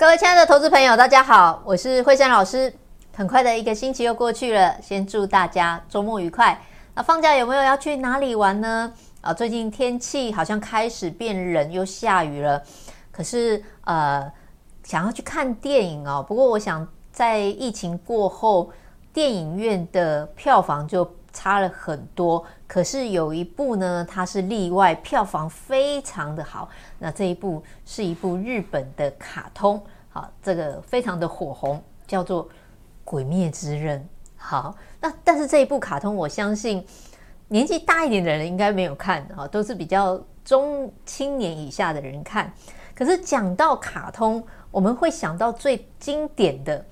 各位親愛的投資朋友，大家好，我是惠珊老師。很快的一個星期又過去了，先祝大家週末愉快。那放假有沒有要去哪裡玩呢？啊，最近天氣好像開始變冷，又下雨了。可是呃，想要去看電影哦。不過我想，在疫情過後，電影院的票房就差了很多。可是有一部呢，它是例外，票房非常的好。那這一部是一部日本的卡通，好，這個非常的火紅，叫做《鬼滅之刃》。好，那但是這一部卡通，我相信年紀大一點的人應該沒有看，啊，都是比較中青年以下的人看。可是講到卡通，我們會想到最經典的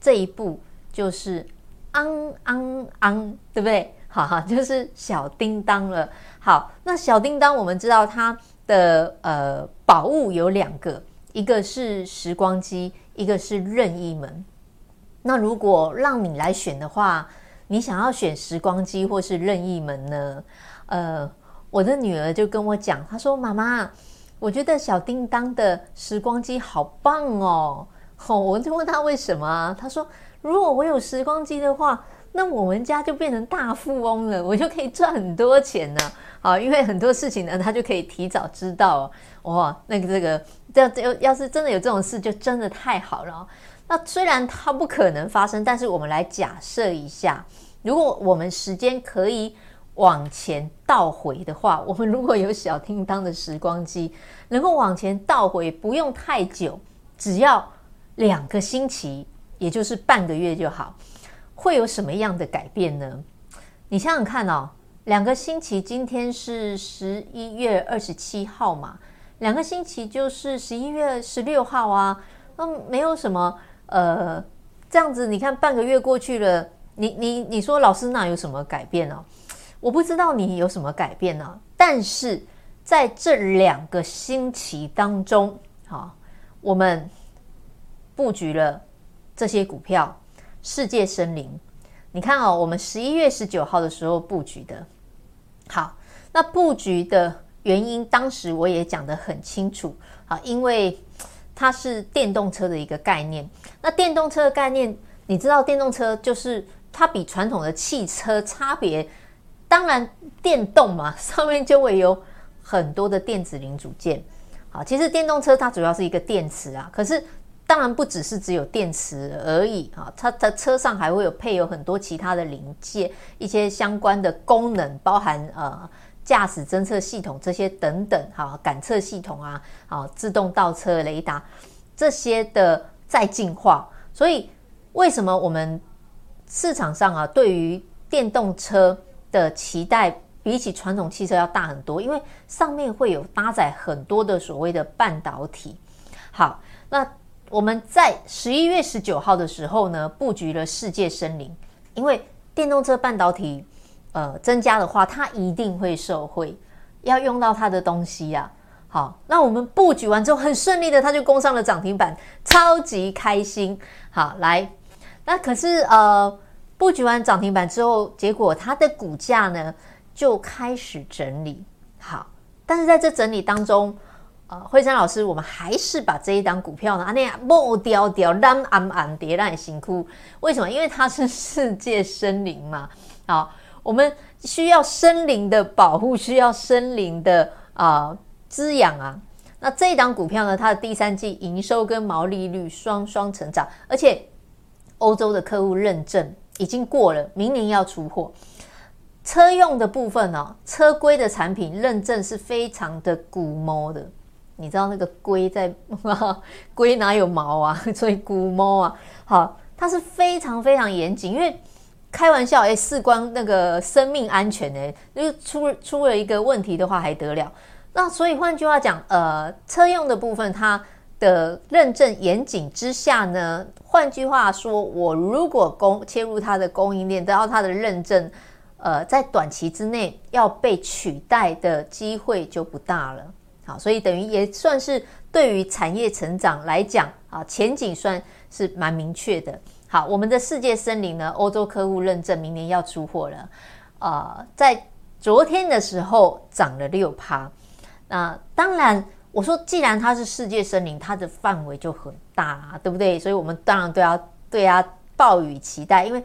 這一部，就是《昂昂昂》，對不對？哈哈，就是小叮噹了。好，那小叮噹，我們知道它的呃寶物有兩個，一個是時光機，一個是任意門。那如果讓你來選的話，你想要選時光機或是任意門呢？呃，我的女兒就跟我講，她說：“媽媽，我覺得小叮噹的時光機好棒哦。哦”吼，我就問她為什麼啊？她說：“如果我有時光機的話。”那我們家就變成大富翁了，我就可以賺很多錢呢。好，因為很多事情呢，他就可以提早知道哦。哇，哦，那個這個要要要是真的有這種事，就真的太好了。那雖然它不可能發生，但是我們來假設一下，如果我們時間可以往前倒回的話，我們如果有小叮噹的時光機，能夠往前倒回，不用太久，只要兩個星期，也就是半個月就好。會有什麼樣的改變呢？你想想看哦，兩個星期，今天是十一月二十七號嘛，兩個星期就是十一月十六號啊。那，嗯，沒有什麼，呃，這樣子，你看半個月過去了，你你你說老師那有什麼改變呢，啊？我不知道你有什麼改變呢，啊，但是在這兩個星期當中，好，啊，我們佈局了這些股票。世界森林，你看哦，我們十一月十九號的時候布局的，好，那布局的原因，當時我也講得很清楚啊，好，因為它是電動車的一個概念。那電動車的概念，你知道，電動車就是它比傳統的汽車差別，當然電動嘛，上面就會有很多的電子零組件。好，其實電動車它主要是一個電池啊，可是。當然不只是只有電池而已啊，它車上還會有配有很多其他的零件，一些相關的功能，包含呃駕駛偵測系統這些等等哈、啊，感測系統啊，啊自動倒車雷達這些的再進化。所以為什麼我們市場上啊對於電動車的期待比起傳統汽車要大很多？因為上面會有搭載很多的所謂的半導體。好，那，我們在十一月十九號的時候呢，布局了世界森林，因為電動車半導體呃增加的話，它一定會受惠，要用到它的東西啊。好，那我們布局完之後，很順利的，它就攻上了漲停板，超級開心。好，來，那可是呃布局完漲停板之後，結果它的股價呢就開始整理。好，但是在這整理當中。啊，惠珊、呃、老師，我們還是把這一檔股票呢，啊，那木雕雕、藍暗暗、疊浪辛苦，為什麼？因為它是世界森林嘛。好、啊，我們需要森林的保護，需要森林的啊滋養啊。那這一檔股票呢，它的第三季營收跟毛利率雙雙成長，而且歐洲的客戶認證已經過了，明年要出貨。車用的部分呢、哦，車規的產品認證是非常的古摸的。你知道那個龜在呵呵龜哪有毛啊？所以古貓啊，好，它是非常非常嚴謹，因為開玩笑，哎，事關那個生命安全，誒就是出出了一個問題的話還得了。那所以換句話講，呃，車用的部分它的認證嚴謹之下呢，換句話說我如果供切入它的供應鏈，得到它的認證，呃，在短期之內要被取代的機會就不大了。好，所以等於也算是對於產業成長來講啊，前景算是蠻明確的。好，我們的世界森林呢，歐洲客戶認證明年要出貨了，啊、呃，在昨天的時候漲了六趴。那、呃、當然，我說既然它是世界森林，它的範圍就很大啊，對不對？所以我們當然都要對它抱以期待，因為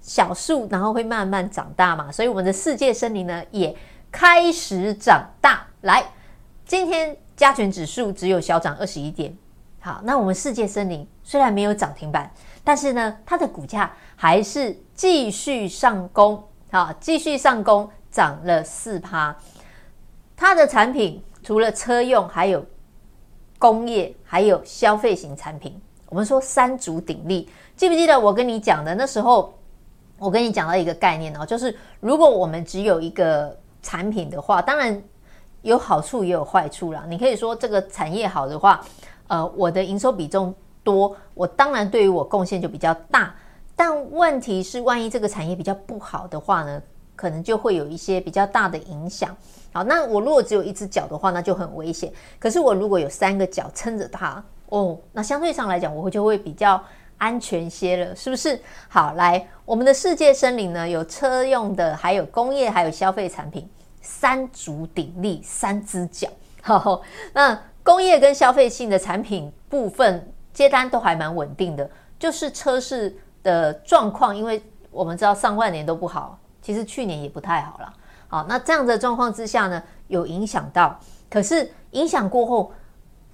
小樹然後會慢慢長大嘛，所以我們的世界森林呢也開始長大來。今天加權指數只有小漲二十一點。好，那我們世界森林雖然沒有漲停板，但是呢，它的股價還是繼續上攻，好、啊，繼續上攻，漲了四趴。它的產品除了車用，還有工業，還有消費型產品，我們說三足鼎立。記不記得我跟你講的那時候，我跟你講到一個概念哦，就是如果我們只有一個產品的話，當然。有好處也有壞處啦。你可以說這個產業好的話，呃，我的營收比重多，我當然對於我貢獻就比較大。但問題是，萬一這個產業比較不好的話呢，可能就會有一些比較大的影響。好，那我如果只有一隻腳的話，那就很危險。可是我如果有三個腳撐着它，哦，那相對上來講，我就會比較安全些了，是不是？好，來，我們的世界森林呢，有車用的，還有工業，還有消費產品。三足鼎立，三隻腳。好，那工業跟消費性的產品部分接單都還蠻穩定的，就是車市的狀況，因為我們知道上半年都不好，其實去年也不太好了。好，那這樣的狀況之下呢，有影響到，可是影響過後。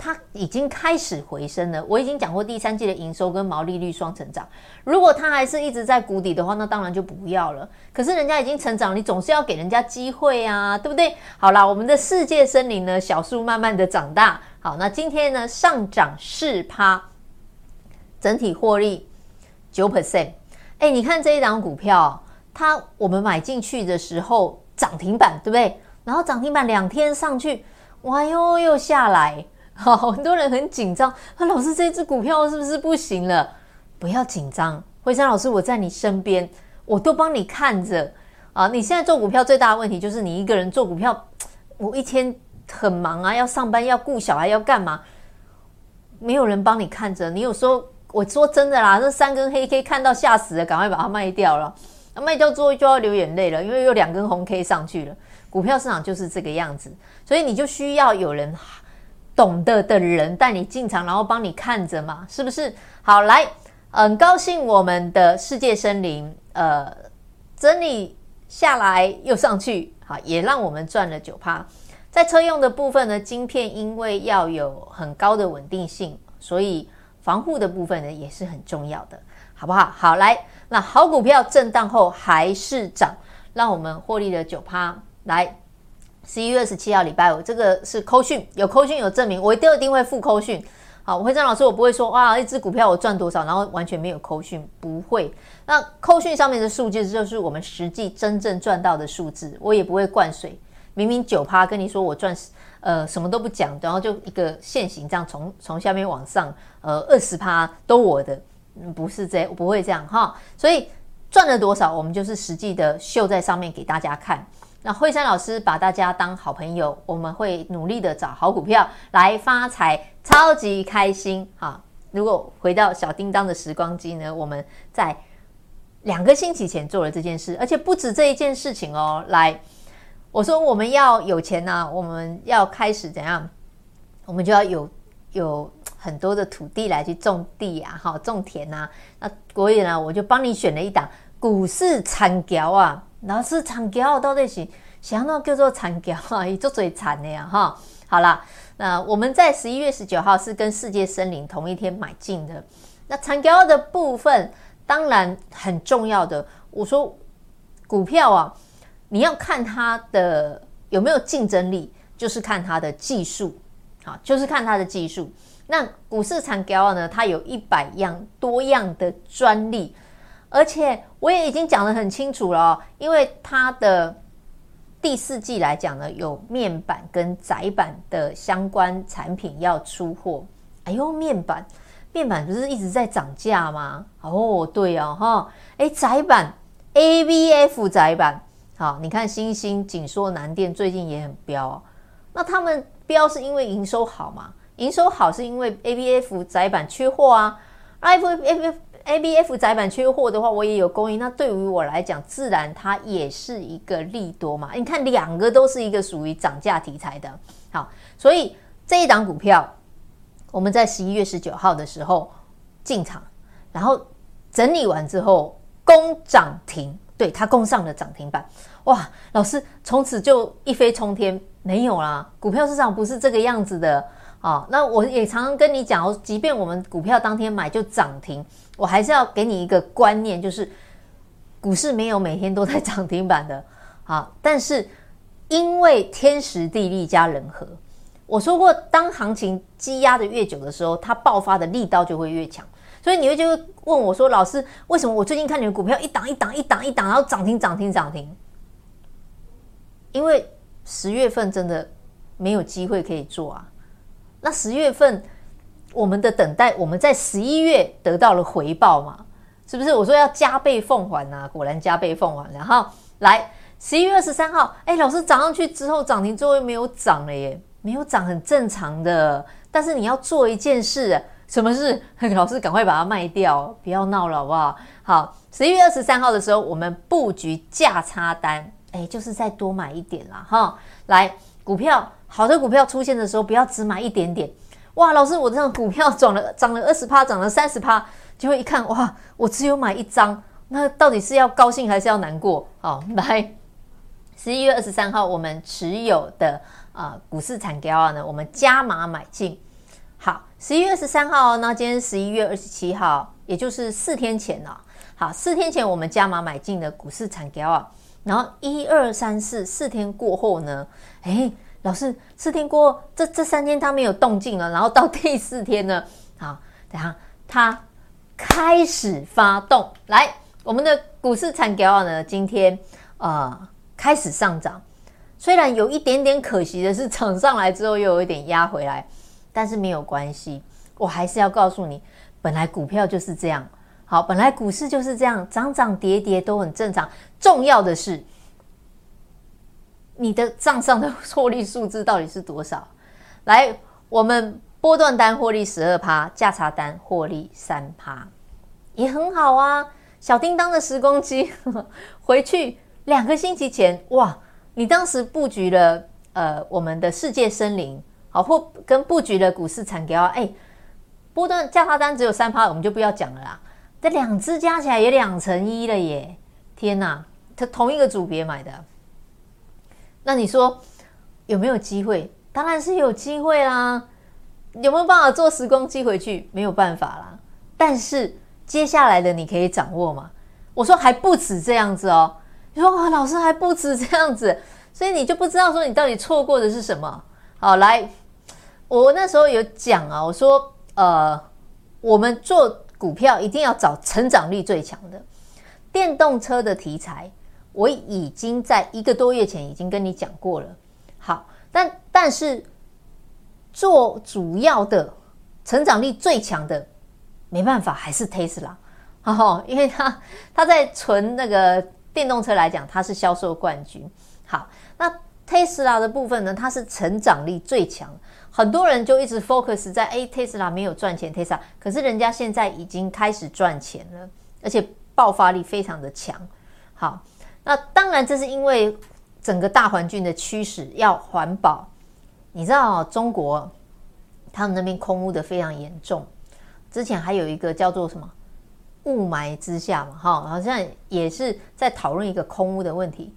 它已經開始回升了。我已經講過，第三季的營收跟毛利率雙成長。如果它還是一直在谷底的話，那當然就不要了。可是人家已經成長，你總是要給人家機會啊，對不對？好啦，我們的世界森林呢，小樹慢慢的長大。好，那今天呢，上漲四趴，整體獲利九 percent。哎，你看這一檔股票，它我們買進去的時候漲停板，對不對？然後漲停板兩天上去，哇喲，又下來。好，很多人很緊張，說、啊、老師這隻股票是不是不行了？不要緊張，惠珊老師我在你身邊，我都幫你看着。啊，你現在做股票最大的問題就是你一個人做股票，我一天很忙啊，要上班，要顧小孩，要幹嘛？沒有人幫你看着。你有時候我說真的啦，這三根黑 K 看到嚇死了，趕快把它賣掉了。那賣掉之後就要流眼淚了，因為又兩根紅 K 上去了。股票市場就是這個樣子，所以你就需要有人。懂得的人帶你進場，然後幫你看着嘛，是不是？好，來，呃，很高興我們的世界森林，呃，整理下來又上去，好，也讓我們賺了九趴。在車用的部分呢，晶片因為要有很高的穩定性，所以防護的部分呢也是很重要的，好不好？好，來，那好股票震盪後還是漲，讓我們獲利了九趴，來。十一月二十七號禮拜五，這個是扣訊，有扣訊有證明，我一定一定會附扣訊。好，我會張老師，我不會說哇、啊，一只股票我賺多少，然後完全沒有扣訊，不會。那扣訊上面的數據就是我們實際真正賺到的數字，我也不會灌水。明明九趴跟你說我賺十，呃，什麼都不講，然後就一個線形這樣從從下面往上，呃，二十趴都我的，嗯、不是這樣，我不會這樣哈。所以賺了多少，我們就是實際的秀在上面給大家看。那惠珊老師把大家當好朋友，我們會努力的找好股票來發財，超級開心哈、啊！如果回到小叮噹的時光機呢，我們在兩個星期前做了這件事，而且不止這一件事情哦。來，我說我們要有錢呢、啊，我們要開始怎樣？我們就要有有很多的土地來去種地啊，哈，種田吶、啊。那所以呢，我就幫你選了一檔股市田僑仔啊。老師，長膠到底是什麼？叫做長膠，哈，一種最長的呀，哈。好了，那我們在十一月十九號是跟世界森林同一天買進的。那長膠的部分當然很重要的。我說股票啊，你要看它的有沒有競爭力，就是看它的技術，好、啊，就是看它的技術。那股市長膠呢，它有一百樣多樣的專利。而且我也已經講得很清楚了、哦，因為它的第四季來講呢，有面板跟載板的相關產品要出貨。哎呦，面板，面板不是一直在漲價嗎？哦，對哦，哈、哦，哎，載板，A B F 載板，好、哦，你看星星景碩、南電最近也很飆、哦，那他們飆是因為營收好嘛？營收好是因為 A B F 載板缺貨啊，F F F。A B F 載板缺貨的話，我也有供應。那對於我來講，自然它也是一個利多嘛。你看，兩個都是一個屬於漲價題材的。好，所以這一檔股票，我們在十一月十九號的時候進場，然後整理完之後攻漲停，對它攻上了漲停板。哇，老師從此就一飛沖天，沒有啦。股票市場不是這個樣子的啊。那我也常常跟你講，即便我們股票當天買就漲停。我還是要給你一個觀念，就是股市沒有每天都在漲停板的啊。但是因為天時地利加人和，我說過，當行情積壓的越久的時候，它爆發的力道就會越強。所以你會就會問我說：“老師，為什麼我最近看你的股票一檔一檔一檔一檔，然後漲停漲停漲停？”因為十月份真的沒有機會可以做啊。那十月份。我們的等待，我們在十一月得到了回報嘛？是不是？我說要加倍奉還吶、啊，果然加倍奉還。然後來十一月二十三號，哎，老師漲上去之後，漲停之後又沒有漲了耶，沒有漲很正常的。但是你要做一件事，什麼事？老師趕快把它賣掉，不要鬧了好不好？好，十一月二十三號的時候，我們布局價差單，哎，就是再多買一點啦哈。來，股票好的股票出現的時候，不要只買一點點。哇，老師，我這張股票漲了，漲了二十趴，漲了三十趴，結果一看，哇，我只有買一張，那到底是要高興還是要難過？好，來十一月二十三號，我們持有的啊、呃，股市產 g 啊，呢，我們加碼買進。好，十一月二十三號，那今天十一月二十七號，也就是四天前了、啊。好，四天前我們加碼買進的股市產 g 啊，然後一二三四四天過後呢，哎。老師，四天過這這三天他沒有動靜了，然後到第四天呢，好，等一下他開始發動來，我們的股市田僑仔呢，今天啊、呃、開始上漲，雖然有一點點可惜的是漲上來之後又有一點壓回來，但是沒有關係，我還是要告訴你，本來股票就是這樣，好，本來股市就是這樣，漲漲跌跌都很正常，重要的是。你的賬上的獲利數字到底是多少？來，我們波段單獲利十二趴，價差單獲利三趴，也很好啊。小叮當的時光機回去兩個星期前，哇，你當時布局了呃我們的世界森林，好，或跟布局了股市田僑仔，哎，波段價差單只有三趴，我們就不要講了啦。這兩隻加起來也兩成一了耶，天哪，啊，他同一個組別買的。那你說有沒有機會？當然是有機會啦、啊！有沒有辦法坐時光機回去？沒有辦法啦。但是接下來的你可以掌握嗎？我說還不止這樣子哦。你說啊，老師還不止這樣子，所以你就不知道說你到底錯過的是什麼。好，來，我那時候有講啊，我說呃，我們做股票一定要找成長率最強的電動車的題材。我已經在一個多月前已經跟你講過了。好，但但是做主要的成長力最強的，沒辦法，還是 Tesla 哈、哦，因為它它在純那個電動車來講，它是銷售冠軍。好，那 Tesla 的部分呢，它是成長力最強。很多人就一直 focus 在誒 t e s l a 沒有賺錢，Tesla，可是人家現在已經開始賺錢了，而且爆發力非常的強。好。那當然，這是因為整個大環境的驅使，要環保。你知道、哦、中國他們那邊空污的非常嚴重，之前還有一個叫做什麼霧霾之下嘛，哈，好像也是在討論一個空污的問題。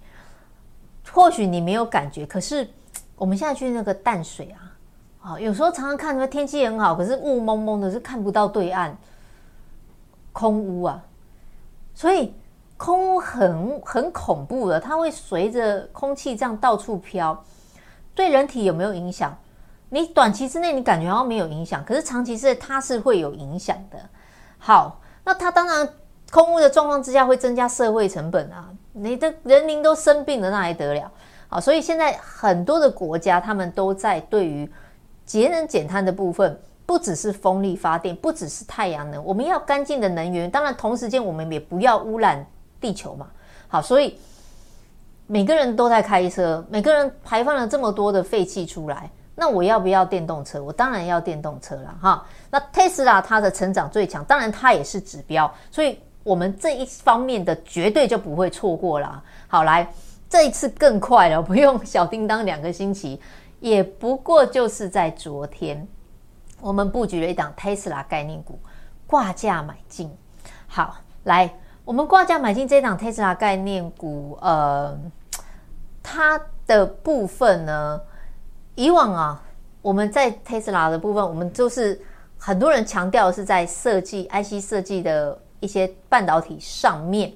或許你沒有感覺，可是我們現在去那個淡水啊，啊，有時候常常看什麼天氣很好，可是霧蒙蒙的，是看不到對岸，空污啊，所以。空污很、很恐怖的，它會隨着空氣這樣到處飄，對人體有沒有影響？你短期之內你感覺好像沒有影響，可是長期之內它是會有影響的。好，那它當然空污的狀況之下會增加社會成本啊，你的人民都生病了，那還得了？啊？所以現在很多的國家他們都在對於節能減碳的部分，不只是風力發電，不只是太陽能，我們要乾淨的能源，當然同時間我們也不要污染。地球嘛，好，所以每個人都在開車，每個人排放了這麼多的廢氣出來，那我要不要電動車？我當然要電動車啦，哈。那 Tesla 它的成長最強，當然它也是指標，所以我們這一方面的絕對就不會錯過啦。好，來，這一次更快了，不用小叮噹兩個星期，也不過就是在昨天，我們布局了一檔 Tesla 概念股，掛價買進。好，來。我們掛價買進這一檔 Tesla 概念股，呃，它的部分呢，以往啊，我們在 Tesla 的部分，我們就是很多人強調的是在設計 IC 設計的一些半導體上面。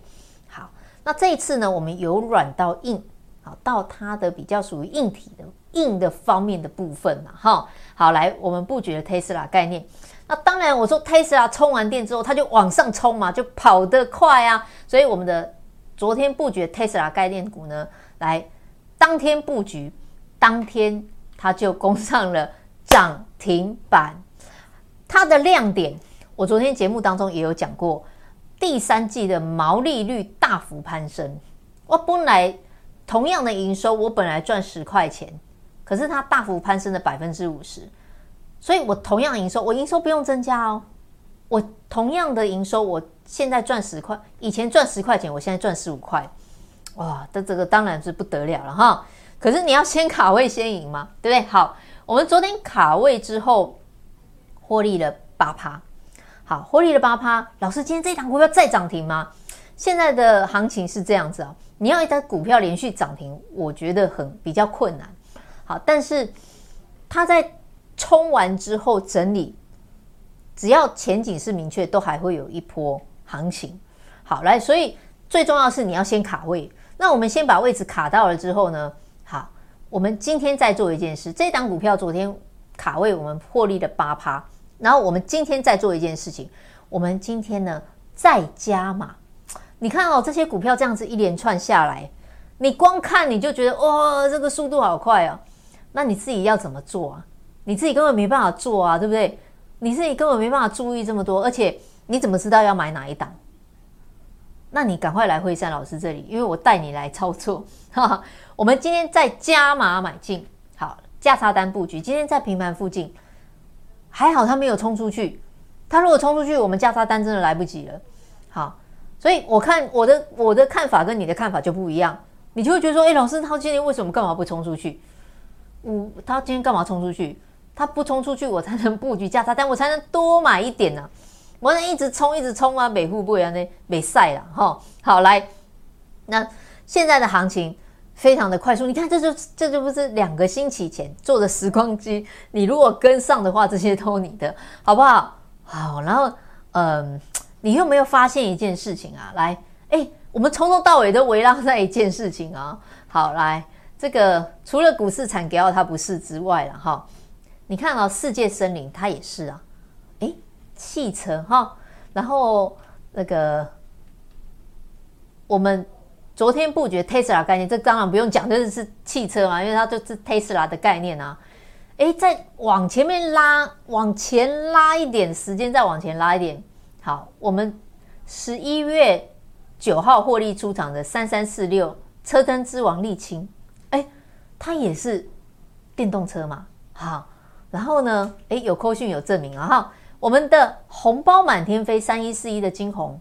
好，那這一次呢，我們由軟到硬，好，到它的比較屬於硬體的硬的方面的部分嘛哈。好，來，我們佈局了 Tesla 概念。那、啊、當然，我說 Tesla 充完電之後，它就往上衝嘛，就跑得快啊。所以我們的昨天布局 Tesla 概念股呢，來當天布局，當天它就攻上了漲停板。它的亮點，我昨天節目當中也有講過，第三季的毛利率大幅攀升。我本來同樣的營收，我本來賺十塊錢，可是它大幅攀升了百分之五十。所以，我同樣營收，我營收不用增加哦。我同樣的營收，我現在賺十塊，以前賺十塊錢，我現在賺十五塊，哇！那這個當然是不得了了哈。可是你要先卡位先贏嘛，對不對？好，我們昨天卡位之後獲利了八趴。好，獲利了八趴。老師，今天這一檔股票再漲停嗎？現在的行情是這樣子啊，你要一檔股票連續漲停，我覺得很比較困難。好，但是它在。衝完之後整理，只要前景是明確，都還會有一波行情。好，來，所以最重要的是你要先卡位。那我們先把位置卡到了之後呢？好，我們今天再做一件事。這檔股票昨天卡位，我們獲利了八趴。然後我們今天再做一件事情，我們今天呢再加碼。你看哦，這些股票這樣子一連串下來，你光看你就覺得哇，這個速度好快哦。那你自己要怎麼做啊？你自己根本沒辦法做啊，對不對？你自己根本沒辦法注意這麼多，而且你怎麼知道要買哪一檔？那你趕快來惠珊老師這裡，因為我帶你來操作。哈哈，我們今天在加碼買進，好價差單布局。今天在平盤附近，還好他沒有衝出去。他如果衝出去，我們價差單真的來不及了。好，所以我看我的我的看法跟你的看法就不一樣，你就會覺得說：哎、欸，老師，他今天為什麼幹嘛不衝出去？嗯，他今天幹嘛衝出去？它不衝出去，我才能布局價差。但我才能多買一點呢、啊。我能一直衝一直衝啊。每戶不然呢，美曬了哈。好來，那現在的行情非常的快速，你看，這就這就不是兩個星期前做的時光機。你如果跟上的話，這些都你的，好不好？好，然後嗯、呃，你有沒有發現一件事情啊？來，哎、欸，我們從頭到尾都圍繞在一件事情啊。好來，這個除了股市慘給到它不是之外了哈。你看啊、哦，世界森林它也是啊，誒，汽車哈、哦，然後那個我們昨天布局 Tesla 概念，這當然不用講，就是汽車嘛，因為它就是 Tesla 的概念啊。誒，再往前面拉，往前拉一點時間，再往前拉一點。好，我們十一月九號獲利出場的三三四六車燈之王麗清，誒，它也是電動車嘛，好、哦。然後呢，誒，有扣訊有證明啊，哈，我們的紅包滿天飛，三一四一的晶宏，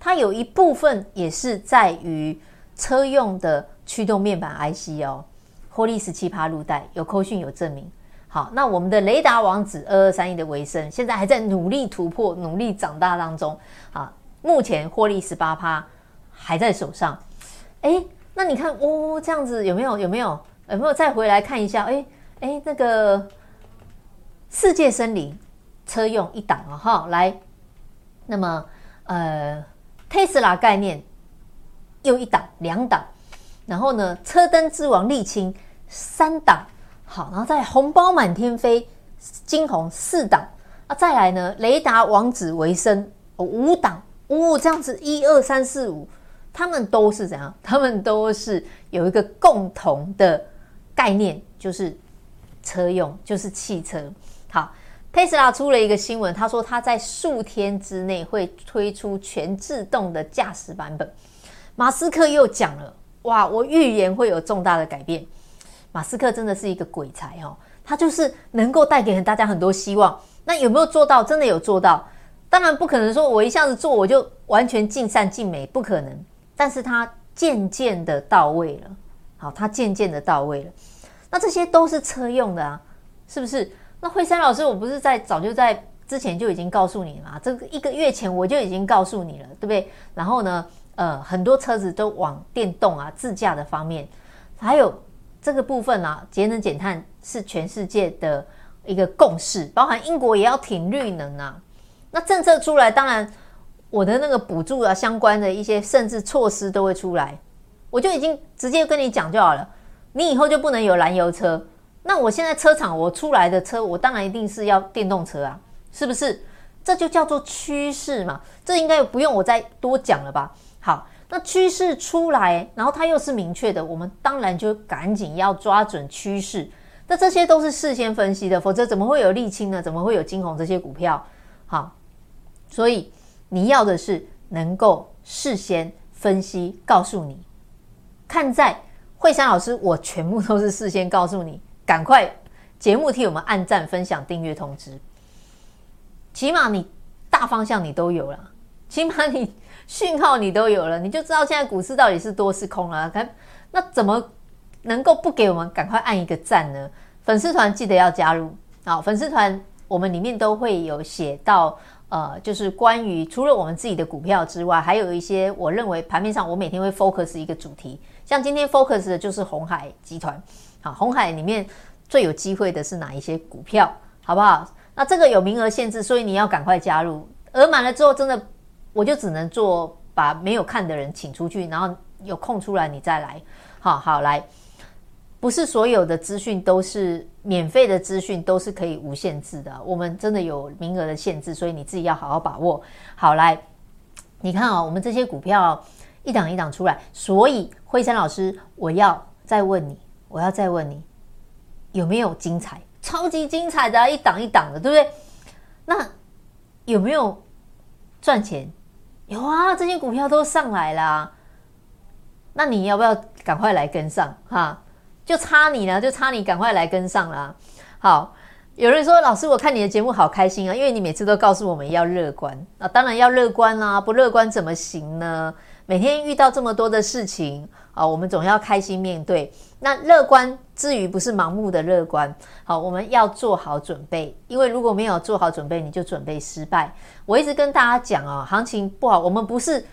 它有一部分也是在於車用的驅動面板 IC 哦，獲利十七趴，入袋有扣訊有證明。好，那我們的雷達王子二二三一的為升，現在還在努力突破，努力長大當中啊。目前獲利十八趴還在手上。誒，那你看哦，這樣子有沒有？有沒有？有沒有再回來看一下？哎哎，那個。世界森林，車用一檔啊、哦，哈，來，那麼呃，特斯拉概念又一檔兩檔，然後呢，車燈之王麗清三檔，好，然後再紅包滿天飛，金鴻四檔啊，再來呢，雷達王子為升哦五檔，哦，這樣子一二三四五，他們都是怎樣？他們都是有一個共同的概念，就是車用，就是汽車。好，Tesla 出了一個新聞，他說他在數天之內會推出全自動的駕駛版本。馬斯克又講了，哇，我預言會有重大的改變。馬斯克真的是一個鬼才哦，他就是能夠帶給大家很多希望。那有沒有做到？真的有做到？當然不可能說我一下子做我就完全盡善盡美，不可能。但是他漸漸的到位了，好，他漸漸的到位了。那這些都是車用的啊，是不是？那惠珊老師，我不是在早就在之前就已經告訴你了嘛？這個一個月前我就已經告訴你了，對不對？然後呢，呃，很多車子都往電動啊、自駕的方面，還有這個部分啊，節能減碳是全世界的一個共識，包含英國也要挺綠能啊。那政策出來，當然我的那個補助啊，相關的一些甚至措施都會出來，我就已經直接跟你講就好了。你以後就不能有燃油車。那我現在車廠我出來的車，我當然一定是要電動車啊，是不是？這就叫做趨勢嘛，這應該不用我再多講了吧？好，那趨勢出來，然後它又是明確的，我們當然就趕緊要抓準趨勢。那這些都是事先分析的，否則怎麼會有瀝青呢？怎麼會有金紅這些股票？好，所以你要的是能夠事先分析，告訴你。看在惠珊老師，我全部都是事先告訴你。趕快，節目替我們按讚、分享、訂閱通知。起碼你大方向你都有了，起碼你訊號你都有了，你就知道現在股市到底是多是空了啊。那怎麼能夠不給我們趕快按一個讚呢？粉絲團記得要加入啊！粉絲團我們裡面都會有寫到，呃，就是關於除了我們自己的股票之外，還有一些我認為盤面上我每天會 focus 一個主題，像今天 focus 的就是鴻海集團。好，紅海裡面最有機會的是哪一些股票？好不好？那這個有名額限制，所以你要趕快加入。額滿了之後，真的我就只能做把沒有看的人請出去，然後有空出來你再來。好好來，不是所有的資訊都是免費的，資訊都是可以無限制的。我們真的有名額的限制，所以你自己要好好把握。好來，你看啊、哦，我們這些股票一檔一檔出來，所以惠珊老師，我要再問你。我要再問你，有沒有精彩？超級精彩的啊，一檔一檔的，對不對？那有沒有賺錢？有啊，這些股票都上來了。那你要不要趕快來跟上？哈，就差你了，就差你趕快來跟上了。好，有人說，老師，我看你的節目好開心啊，因為你每次都告訴我們要樂觀啊，當然要樂觀啦啊，不樂觀怎麼行呢？每天遇到這麼多的事情。好，我們總要開心面對。那樂觀之餘，不是盲目的樂觀。好，我們要做好準備，因為如果沒有做好準備，你就準備失敗。我一直跟大家講啊、哦，行情不好，我們不是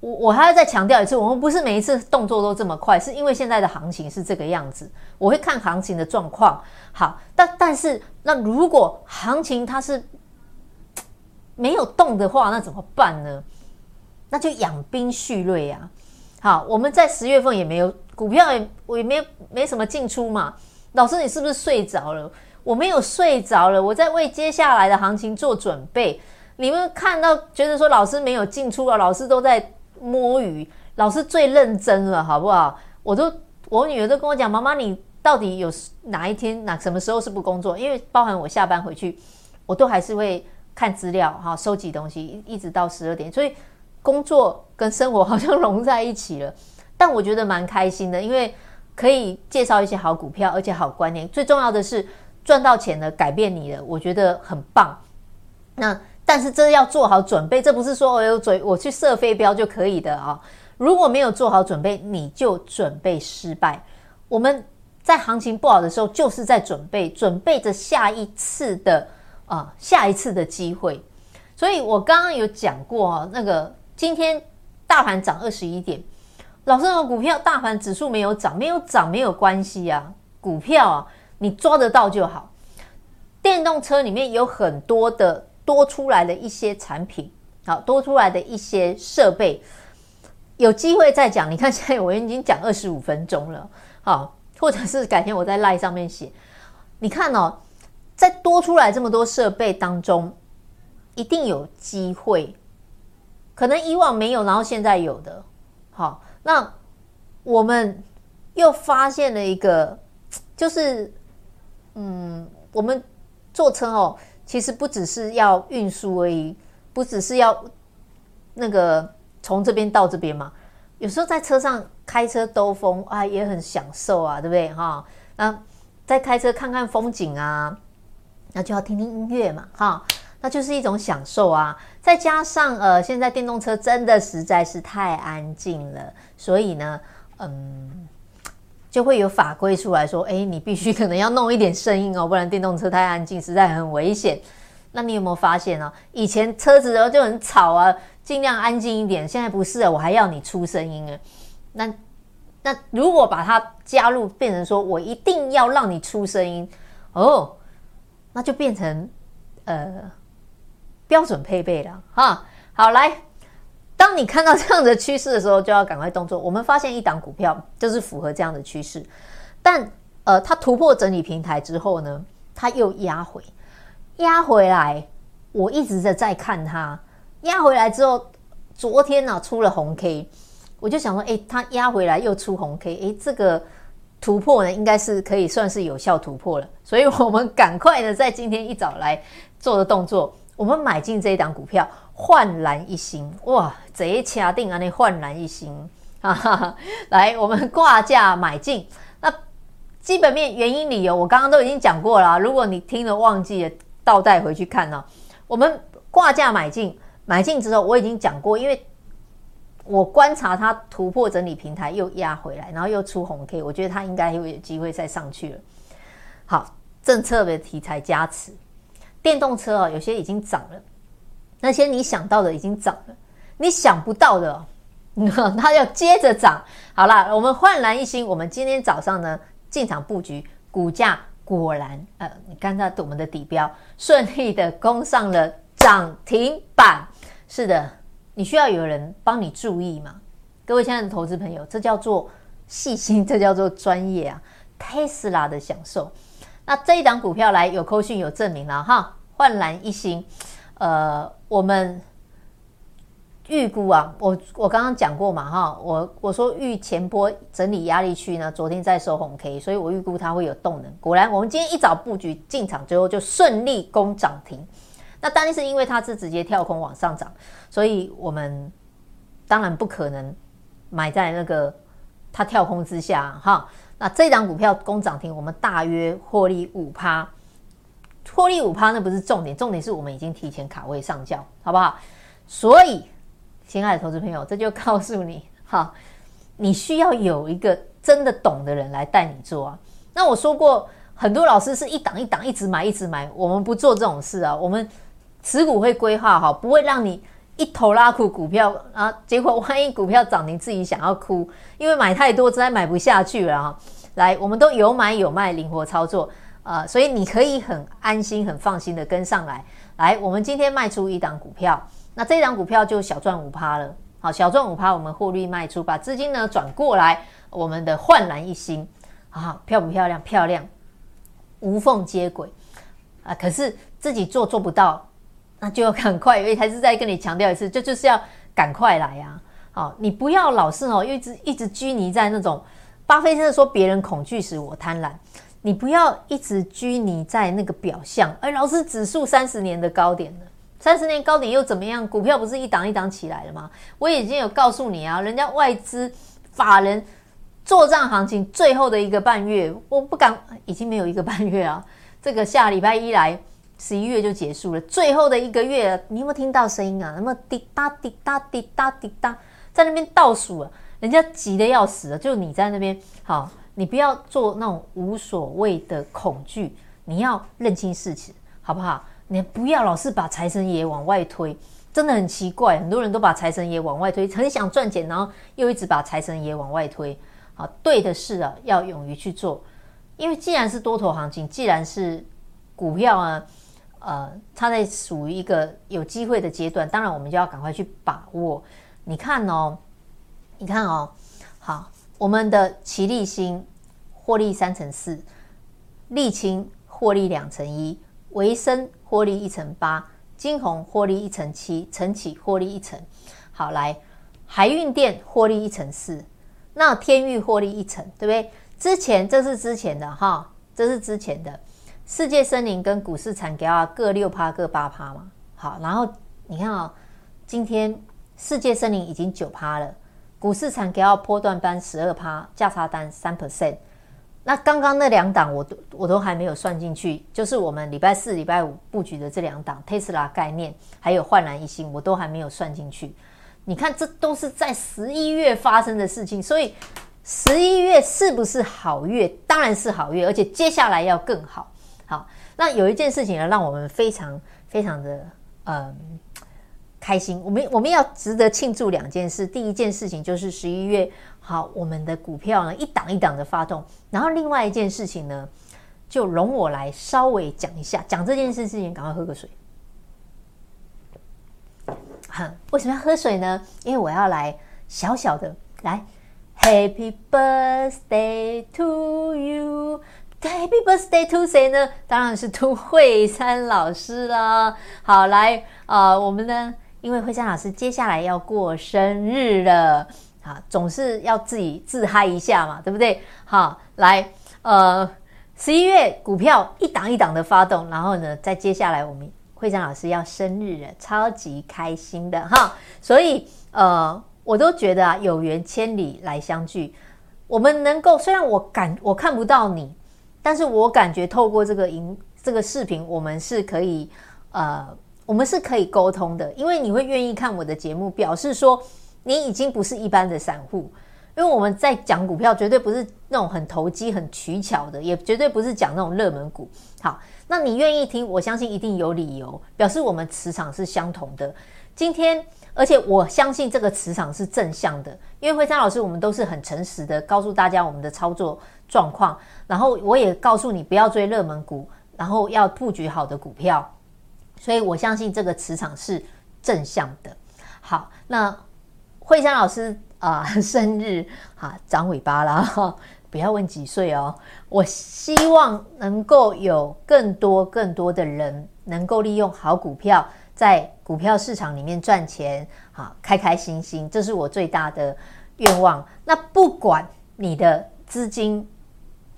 我，我還要再強調一次，我們不是每一次動作都這麼快，是因為現在的行情是這個樣子。我會看行情的狀況。好，但但是那如果行情它是沒有動的話，那怎麼辦呢？那就養兵蓄銳呀、啊。好，我們在十月份也沒有股票也，也我也沒沒什麼進出嘛。老師，你是不是睡着了？我沒有睡着了，我在為接下來的行情做準備。你們看到覺得說老師沒有進出啊？老師都在摸魚，老師最認真了，好不好？我都，我女兒都跟我講，媽媽，你到底有哪一天、哪什麼時候是不工作？因為包含我下班回去，我都還是會看資料哈，收集東西，一直到十二點，所以。工作跟生活好像融在一起了，但我覺得蠻開心的，因為可以介紹一些好股票，而且好觀念。最重要的是賺到錢了，改變你了，我覺得很棒。那但是這要做好準備，這不是說我有準我去射飛鏢就可以的啊！如果沒有做好準備，你就準備失敗。我們在行情不好的時候，就是在準備，準備着下一次的啊下一次的機會。所以我剛剛有講過啊，那個。今天大盤漲二十一點，老師的股票大盤指數沒有漲，沒有漲沒有關係啊。股票啊，你抓得到就好。電動車裡面有很多的多出來的一些產品，好，多出來的一些設備，有機會再講。你看，現在我已經講二十五分鐘了，好，或者是改天我在 LINE 上面寫。你看哦，在多出來這麼多設備當中，一定有機會。可能以往沒有，然後現在有的，好、哦。那我們又發現了一個，就是，嗯，我們坐車哦，其實不只是要運輸而已，不只是要那個從這邊到這邊嘛。有時候在車上開車兜風啊，也很享受啊，對不對？哈、哦，那再開車看看風景啊，那就要聽聽音樂嘛，哈、哦。那就是一種享受啊！再加上呃，現在電動車真的實在是太安靜了，所以呢，嗯，就會有法規出來說，誒，你必須可能要弄一點聲音哦，不然電動車太安靜，實在很危險。那你有沒有發現呢、哦？以前車子然後就很吵啊，盡量安靜一點，現在不是了，我還要你出聲音啊。那那如果把它加入變成說我一定要讓你出聲音哦，那就變成呃。標準配備啦哈，好，來，當你看到這樣的趨勢的時候，就要趕快動作。我們發現一檔股票就是符合這樣的趨勢，但呃，它突破整理平台之後呢，它又壓回，壓回來，我一直在在看它壓回來之後，昨天呢、啊、出了紅 K，我就想說，誒、欸，它壓回來又出紅 K，誒、欸，這個突破呢應該是可以算是有效突破了，所以我們趕快的在今天一早來做的動作。我們買進這一檔股票，煥然一新哇！這一卡定啊，那煥然一新哈哈哈，來，我們掛價買進。那基本面原因理由，我剛剛都已經講過了啊。如果你聽了忘記了，倒帶回去看哦啊，我們掛價買進，買進之後我已經講過，因為我觀察它突破整理平台，又壓回來，然後又出紅 K，我覺得它應該會有機會再上去了。好，政策的題材加持。電動車哦，有些已經漲了，那些你想到的已經漲了，你想不到的，哦，它要接着漲。好啦，我們煥然一新。我們今天早上呢進場佈局，股價果然，呃，你看它我們的底標順利的攻上了漲停板。是的，你需要有人幫你注意嘛？各位親愛的投資朋友，這叫做細心，這叫做專業啊！特斯拉的享受。那這一檔股票來有資訊有證明了哈，煥然一新。呃，我們預估啊，我我剛剛講過嘛哈，我我說預前波整理壓力區呢，昨天在收紅 K，所以我預估它會有動能。果然，我們今天一早布局進場之後就順利攻漲停。那當然是因為它是直接跳空往上漲，所以我們當然不可能買在那個。它跳空之下，哈，那這檔股票攻漲停，我們大約獲利五趴，獲利五趴那不是重點，重點是我們已經提前卡位上轎，好不好？所以，親愛的投資朋友，這就告訴你，哈，你需要有一個真的懂的人來帶你做啊。那我說過，很多老師是一檔一檔一直買一直買，我們不做這種事啊，我們持股會規劃，好，不會讓你。一頭拉哭股票啊！結果萬一股票漲停，你自己想要哭，因為買太多，實在買不下去了哈、啊。來，我們都有買有賣，靈活操作，啊、呃。所以你可以很安心、很放心的跟上來。來，我們今天賣出一檔股票，那這一檔股票就小賺五趴了。好，小賺五趴，我們獲利賣出，把資金呢轉過來，我們的煥然一新啊，漂不漂亮？漂亮，無縫接軌啊！可是自己做做不到。那就要趕快，因為還是再跟你強調一次，就就是要趕快來呀、啊！好，你不要老是哦，一直一直拘泥在那種巴菲特說別人恐懼時我貪婪，你不要一直拘泥在那個表象、哎，而老師指數三十年的高點呢，三十年高點又怎麼樣？股票不是一檔一檔起來了嗎？我已經有告訴你啊，人家外資法人作帳行情最後的一個半月，我不敢，已經沒有一個半月啊，這個下禮拜一來。十一月就結束了，最後的一個月，你有沒有聽到聲音啊？那麼滴答滴答滴答滴答，在那邊倒數啊，人家急得要死了，就你在那邊，好，你不要做那種無所謂的恐懼，你要認清事情，好不好？你不要老是把財神爺往外推，真的很奇怪，很多人都把財神爺往外推，很想賺錢，然後又一直把財神爺往外推。好，對的事啊，要勇於去做，因為既然是多頭行情，既然是股票啊。呃，它在屬於一個有機會的階段，當然我們就要趕快去把握。你看喔，你看哦，你看哦，好，我們的奇力新獲利三成四，瀝青獲利兩成一，維生獲利一成八，金鴻獲利一成七，晨起獲利一成，好來，海運電獲利一成四，那天域獲利一成，對不對？之前這是之前的哈，這是之前的。世界森林跟股市田僑仔各六趴、各八趴嘛，好，然後你看啊、喔，今天世界森林已經九趴了，股市田僑仔波段單十二趴，價差單三 percent。那剛剛那兩檔我都我都還沒有算進去，就是我們禮拜四禮拜五布局的這兩檔 Tesla 概念還有煥然一新，我都還沒有算進去。你看，這都是在十一月發生的事情，所以十一月是不是好月？當然是好月，而且接下來要更好。那有一件事情呢，讓我們非常非常的嗯開心。我們我們要值得慶祝兩件事。第一件事情就是十一月，好，我們的股票呢，一檔一檔的發動。然後另外一件事情呢，就容我來稍微講一下。講這件事之前，趕快喝個水。哼、啊，為什麼要喝水呢？因為我要來小小的來，Happy Birthday to you。Happy birthday to 誰呢？當然是 to 惠珊老師啦！好，來啊，呃，我們呢，因為惠珊老師接下來要過生日了，啊，總是要自己自嗨一下嘛，對不對？好，來，呃，十一月股票一檔一檔的發動，然後呢，再接下來我們惠珊老師要生日了，超級開心的哈！所以，呃，我都覺得啊，有緣千里來相聚，我們能夠雖然我感我看不到你。但是我感覺透過這個影這個視頻，我們是可以呃，我們是可以溝通的，因為你會願意看我的節目，表示說你已經不是一般的散戶，因為我們在講股票，絕對不是那種很投機、很取巧的，也絕對不是講那種熱門股。好，那你願意聽，我相信一定有理由，表示我們磁場是相同的。今天，而且我相信這個磁場是正向的，因為惠珊老師，我們都是很誠實的告訴大家我們的操作。狀況，然後我也告訴你不要追熱門股，然後要布局好的股票，所以我相信這個磁場是正向的。好，那惠珊老師啊、呃，生日啊長尾巴了，不要問幾歲哦。我希望能夠有更多更多的人能夠利用好股票，在股票市場裡面賺錢，好、啊、開開心心，這是我最大的願望。那不管你的資金。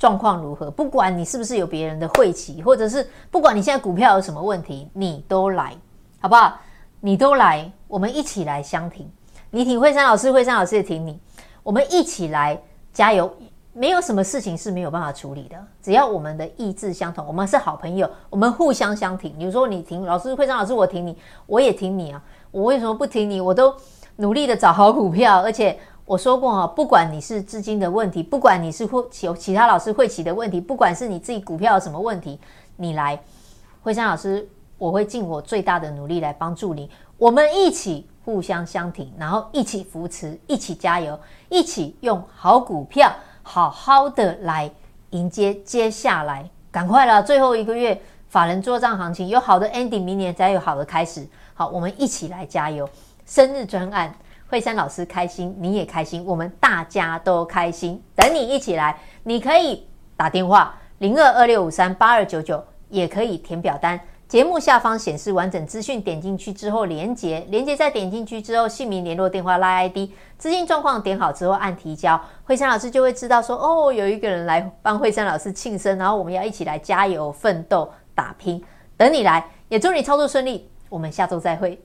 狀況如何？不管你是不是有別人的晦氣，或者是不管你現在股票有什麼問題，你都來，好不好？你都來，我們一起來相挺。你挺惠珊老師，惠珊老師也挺你，我們一起來加油。沒有什麼事情是沒有辦法處理的，只要我們的意志相同，我們是好朋友，我們互相相挺。比如說你挺老師惠珊老師，我挺你，我也挺你啊。我為什麼不挺你？我都努力的找好股票，而且。我說過哈、啊，不管你是資金的問題，不管你是會有其他老師會起的問題，不管是你自己股票有什麼問題，你來，惠珊老師，我會盡我最大的努力來幫助你，我們一起互相相挺，然後一起扶持，一起加油，一起用好股票，好好的來迎接接下來，趕快了，最後一個月法人做賬行情有好的 ending，明年才有好的開始，好，我們一起來加油，生日專案。惠珊老師開心，你也開心，我們大家都開心。等你一起來，你可以打電話零二二六五三八二九九，9，也可以填表單。節目下方顯示完整資訊，點進去之後連結，連結再點進去之後，姓名、聯絡電話、LINE ID、資金狀況點好之後按提交，惠珊老師就會知道說哦，有一個人來幫惠珊老師慶生，然後我們要一起來加油、奮鬥、打拼。等你來，也祝你操作順利。我們下周再會。